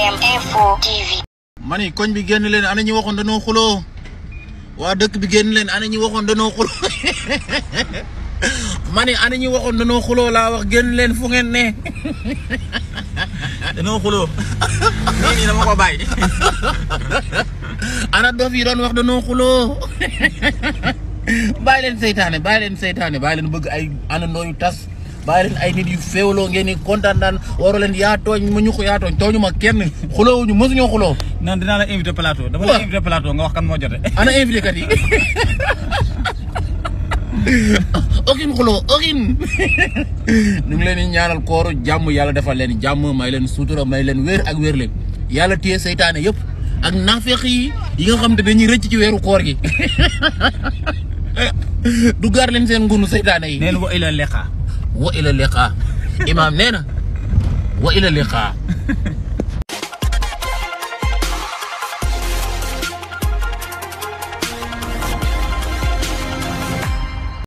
GM koñ bi génn leen ana ñi waxoon danoo xuloo waa dëkk bi génn leen ana ñi waxoon danoo xuloo ma ana ñi waxoon danoo xuloo laa wax génn leen fu ngeen ne. danoo xuloo. nii nii dama ko bàyyi. ana dof yi doon wax danoo xuloo. bàyyi leen seytaane bàyyi leen seytaane bàyyi leen bëgg ay ana nooyu tas. bayalen ay nit yu fewlo ngeen ni kontaan dan waro len ya togn ma ñu ko yaa tooñ tooñu ma kenn xuloo ñu mësuñoo xuloo. naan dinaa la invité plateau. dama la invité plateau nga wax kan mo jotté ana invité kat yi. okin xulo okin ñu ngi leen di ñaanal kooru jamm yalla defal leen jamm may leen suutura may leen wër ak wër leen yalla téye seytaane yépp ak nafiq yi yi nga xam dañuy recc ci wëru koor gi. du gar leen seen ngunu seytaane yi. neen wo ila leqa. والى اللقاء امام نينا والى اللقاء